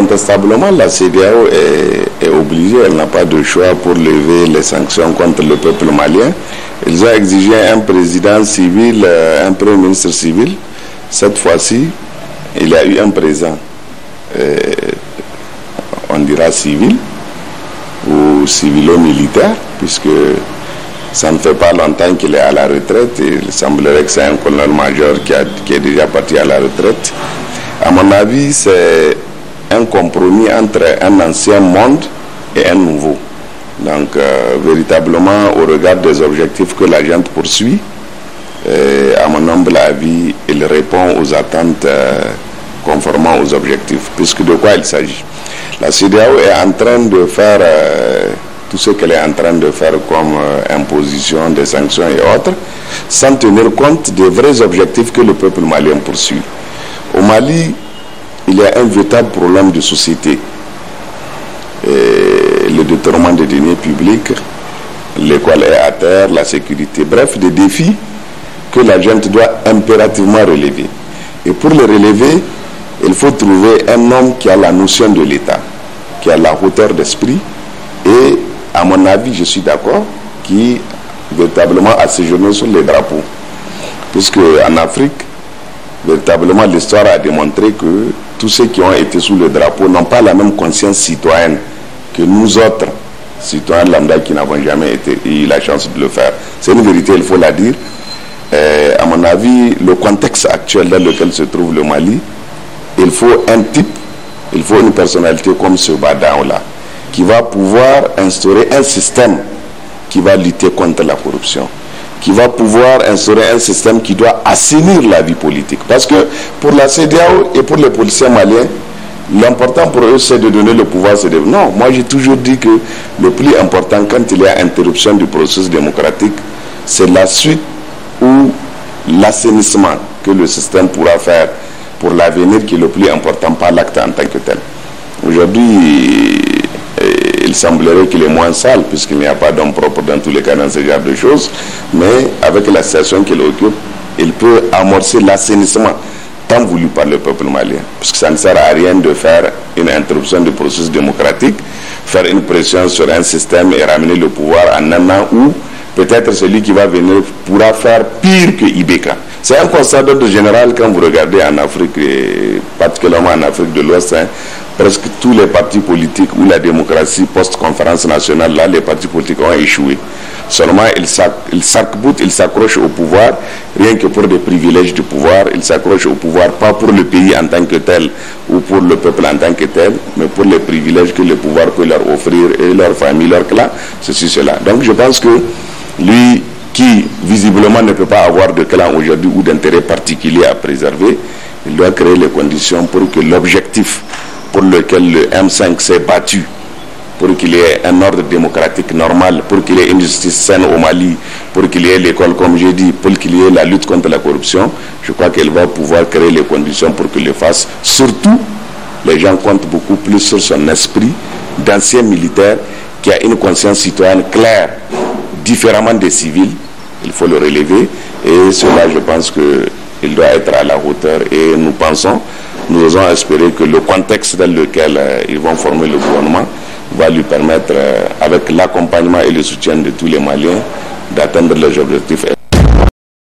Contestablement, la CDAO est, obligée, elle n'a pas de choix pour lever les sanctions contre le peuple malien. Ils ont exigé un président civil, euh, un premier ministre civil. Cette fois-ci, il y a eu un présent, euh, on dira civil ou civilo-militaire, puisque ça ne fait pas longtemps qu'il est à la retraite. Il semblerait que c'est un colonel-major qui, qui, est déjà parti à la retraite. À mon avis, c'est un compromis entre un ancien monde et un nouveau. Donc, euh, véritablement, au regard des objectifs que la gente poursuit, euh, à mon humble avis, il répond aux attentes euh, conformément aux objectifs, puisque de quoi il s'agit. La CDAO est en train de faire euh, tout ce qu'elle est en train de faire comme imposition des sanctions et autres, sans tenir compte des vrais objectifs que le peuple malien poursuit. Au Mali, il y a un véritable problème de société. le détournement des deniers publics, l'école est à terre, la sécurité, bref, des défis que la gente doit impérativement relever. Et pour les relever, il faut trouver un homme qui a la notion de l'État, qui a la hauteur d'esprit et, à mon avis, je suis d'accord, qui véritablement a séjourné sur les drapeaux. Puisque en Afrique, véritablement, l'histoire a démontré que tous ceux qui ont été sous le drapeau n'ont pas la même conscience citoyenne que nous autres citoyens lambda qui n'avons jamais été, eu la chance de le faire. C'est une vérité, il faut la dire. Euh, à mon avis, le contexte actuel dans lequel se trouve le Mali, il faut un type, il faut une personnalité comme ce Badao-là, qui va pouvoir instaurer un système qui va lutter contre la corruption qui va pouvoir instaurer un système qui doit assainir la vie politique. Parce que pour la CDAO et pour les policiers maliens, l'important pour eux, c'est de donner le pouvoir. Non, moi j'ai toujours dit que le plus important quand il y a interruption du processus démocratique, c'est la suite ou l'assainissement que le système pourra faire pour l'avenir qui est le plus important, par l'acte en tant que tel. Aujourd'hui, il semblerait qu'il est moins sale, puisqu'il n'y a pas d'homme propre dans tous les cas dans ce genre de choses, mais avec la situation qu'il occupe, il peut amorcer l'assainissement tant voulu par le peuple malien. Parce que ça ne sert à rien de faire une interruption du processus démocratique, faire une pression sur un système et ramener le pouvoir en un an où peut-être celui qui va venir pourra faire pire que Ibeka. C'est un constat de général quand vous regardez en Afrique, et particulièrement en Afrique de l'Ouest, hein presque tous les partis politiques ou la démocratie post-conférence nationale, là, les partis politiques ont échoué. Seulement, ils s'accrochent ils au pouvoir, rien que pour des privilèges du pouvoir. Ils s'accrochent au pouvoir, pas pour le pays en tant que tel ou pour le peuple en tant que tel, mais pour les privilèges que le pouvoir peut leur offrir et leur famille, leur clan, ceci, cela. Donc, je pense que lui qui, visiblement, ne peut pas avoir de clan aujourd'hui ou d'intérêt particulier à préserver, il doit créer les conditions pour que l'objectif pour lequel le M5 s'est battu pour qu'il y ait un ordre démocratique normal, pour qu'il y ait une justice saine au Mali, pour qu'il y ait l'école, comme j'ai dit, pour qu'il y ait la lutte contre la corruption, je crois qu'elle va pouvoir créer les conditions pour qu'il le fasse. Surtout, les gens comptent beaucoup plus sur son esprit d'ancien militaire qui a une conscience citoyenne claire, différemment des civils, il faut le relever, et cela, je pense qu'il doit être à la hauteur, et nous pensons nous avons espéré que le contexte dans lequel euh, ils vont former le gouvernement va lui permettre, euh, avec l'accompagnement et le soutien de tous les Maliens, d'atteindre leurs objectifs.